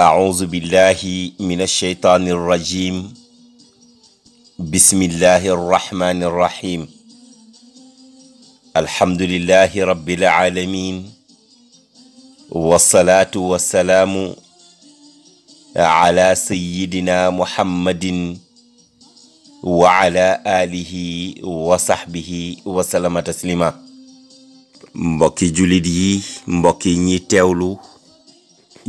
أعوذ بالله من الشيطان الرجيم بسم الله الرحمن الرحيم الحمد لله رب العالمين والصلاة والسلام على سيدنا محمد وعلى آله وصحبه وسلم تسليما mbokki jullit yi mbokki ñi teewlu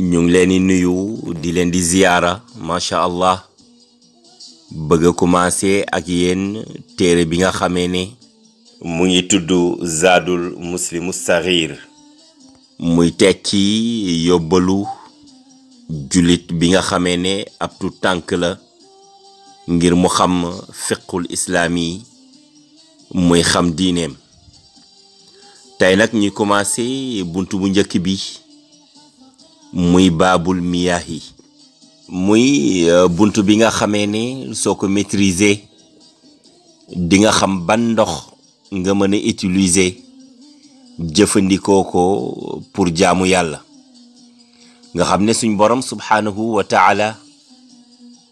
ñu ngi leen di nuyu di leen di ziyaara macha allah bëgg a ak yéen téere bi nga xamee ne mu ngi tudd zaadul muslimu saxiir muy tekki yóbbalu julit bi nga xamee ne ab tu tànk la ngir mu xam fiqul islaam yi muy xam diineem tey nag ñuy commencé bunt bu njëkk bi muy baabul miyaahi muy euh, bunt bi nga xamee ne soo ko maîtriser di nga xam ban ndox nga mën a utiliser jëfandikoo ko pour jaamu yàlla nga xam ne suñ borom subhaanahu wa taala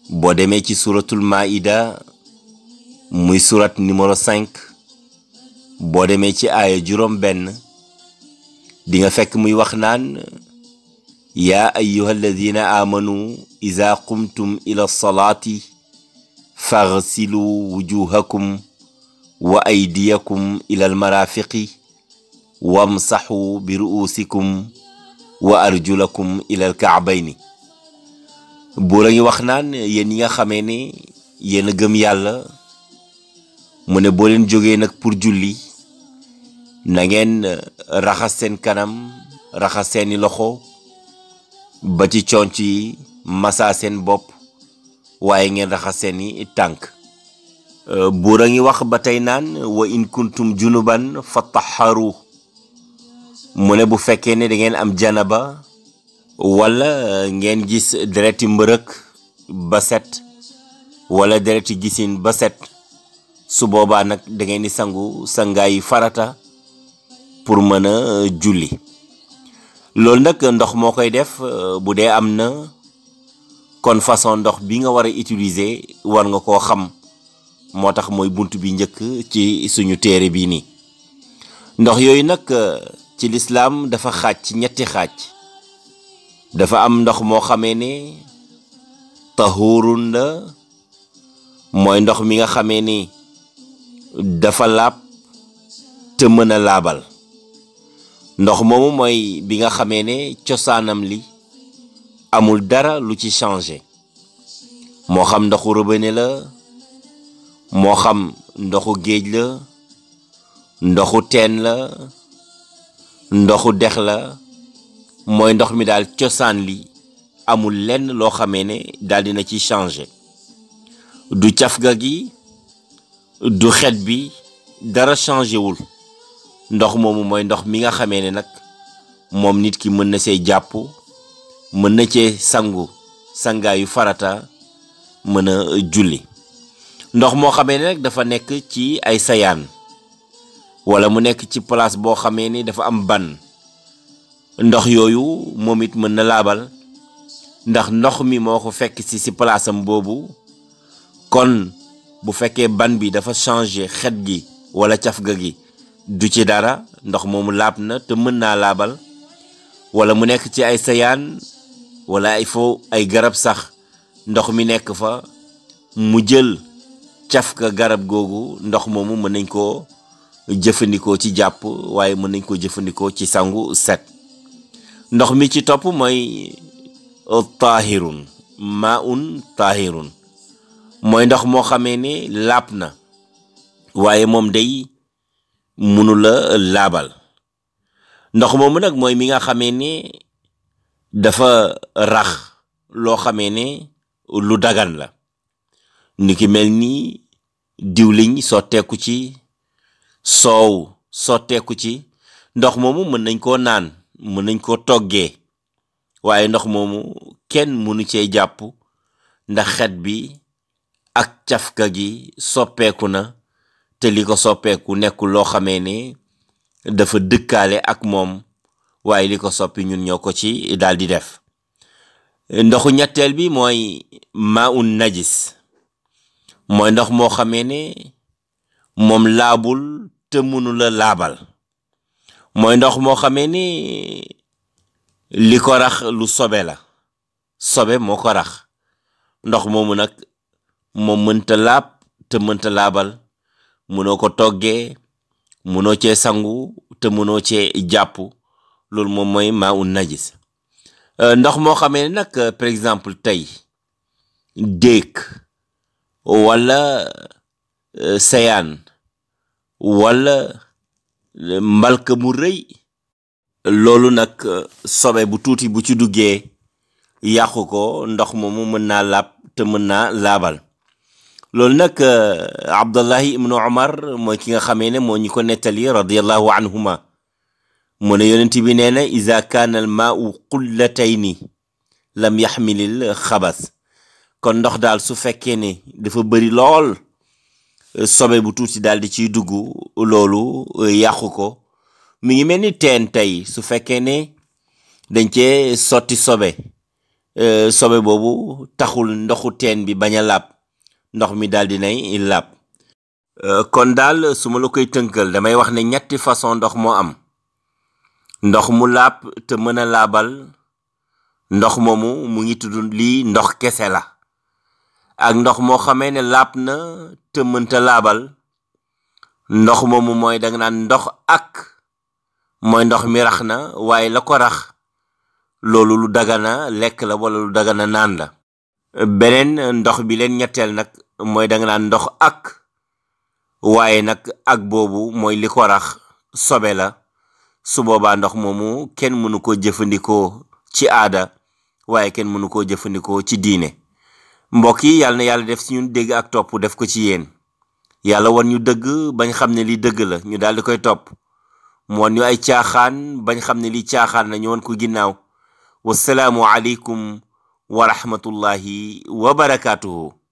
boo demee ci suratul maida muy surat numéro 5 boo demee ci aaya juróom benn di nga fekk muy wax naan yaa ayuha alladina aamanu ida qumtum ila salaati faghsilu wujuhakum wa aydiyakum ila almarafiqi wamsaxu bi ru'uusikum wa arjulakum ila alkaabayni buur a ngi wax naan yéen ñi nga xamee ne yéen a gëm yàlla mu ne boo leen jógee nag pour julli na ngeen raxas seen kanam raxas seeni loxo ba ci conc yi masaa seen bopp waaye ngeen raxas seeni tànk euh, buur a ngi wax ba tey naan wa in kuntum junuban fa taxaru mu ne bu fekkee ne da ngeen am janaba wala ngeen gis dereti mbërëk ba set wala dereti gisin ba set su boobaa nag da di sangu sangaayi farata pour mën a julli loolu nag ndox moo koy def euh, bu dee am na kon façon ndox bi nga war a war nga koo xam moo tax mooy bunt bi njëkk ci suñu téere bii nii ndox yooyu nag euh, ci lislaam dafa xaaj ci ñetti xaaj dafa am ndox moo xamee ne tahuurun la mooy ndox mi nga xamee ni dafa laab te mën a laabal ndox moomu mooy bi nga xamee ne cosaanam li amul dara lu ci changé moo xam ndoxu robinet la moo xam ndoxu géej la ndoxu teen la ndoxu dex la mooy ndox mi daal cosaan li amul lenn loo xamee ne daal dina ci changé du cafga gi du xet bi dara changé wul ndox moomu mooy ndox mi nga xamee ne nag moom nit ki mën na see jàpp mën na cee sangu sangaayu farata mën a julli ndox moo xamee ne nag dafa nekk ci ay sayaan wala mu nekk ci place boo xamee ni dafa am ban ndox yooyu moom it mën na laabal ndax ndox mi moo ko fekk si si palaasam boobu kon bu fekkee ban bi dafa changé xet gi wala cafga gi du ci dara ndox moomu laab na te mën naa laabal wala mu nekk ci ay sayaan walla ay fo ay garab sax ndox mi nekk fa mu jël cafka garab googu ndox moomu mën nañ koo jëfandikoo ci jàpp waaye mën nañ koo jëfandikoo ci sangu set ndox mi ci topp mooy taahirun maun taahirun mooy ndox moo xamee ne laab na waaye moom day mënula laabal ndox moomu nag mooy mi nga xamee ne dafa rax loo xamee ne lu dagan la nu ki mel ni diwliñ sotteeku ci soow sotteeku ci ndox moomu mën nañ koo naan mën nañ koo toggee waaye ndox moomu kenn mënu cee jàpp ndax xet bi ak cafka gi soppeeku na te li ko soppeeku nekkul loo xamee ne dafa dëkkaale ak moom waaye li ko soppi ñun ñoo ko ci daal di def ndoxu ñetteel bi mooy maa un najis mooy ndox moo xamee ne moom laabul te mënu laabal mooy ndox moo xamee ne li ko rax lu sobe la sobe moo ko rax ndox moomu nag moom mënta laab te mënta laabal mënoo ko toggee mënoo cee sangu te mënoo cee jàpp loolu moom mooy maa un najis euh, ndox moo xamee ne nag euh, par exemple tey déeg wala euh, sayaan wala mbalka mu rëy loolu nag sobe bu tuuti bu ci duggee yàqu ko ndox momu mën naa laab te mën naa laabal loolu nag euh, abdallahi ibnu omar mooy ki nga xamee ne moo ñu ko nettali radiallahu anhuma mu ne yonent bi nee na ida kaana al maau qullatayni lam yaxmilil xabas kon ndox daal su fekkee ne dafa bëri lool sobe bu tuuti daal di ciy dugg loolu euh, yàqu ko mi ngi mel ni teen tey su fekkee ne dañ cee sotti sobe euh, sobe boobu taxul ndoxu teen bi bañ a làpp ndox mi daal di nay làpp euh, kon daal suma la koy tënkal damay wax ne ñetti façon ndox moo am ndox mu làpp te mën a laabal ndox momu mu ngi tudd lii ndox kese la ak ndox moo xamee ne làpp na te laabal ndox moomu mooy danga naan ndox ak mooy ndox mi rax na waaye la ko rax loolu lu dagana lekk la wala lu dagana naan la beneen ndox bi leen ñetteel nag mooy danga naan ndox ak waaye nag ak boobu mooy li ko rax sobe la su boobaa ndox moomu kenn mënu ko jëfandikoo ci aada waaye kenn mënu koo jëfandikoo ci diine mbokk yi yàlla na yàlla def si ñun dégg ak topp def ko ci yéen yàlla wan ñu dëgg bañ xam ne li dëgg la ñu daal di koy topp mu wan ñu ay caaxaan bañ xam ne li caaxaan la ñu wan ko ginnaaw wasalaamu aleykum wa rahmatullahi wa barakaatuhu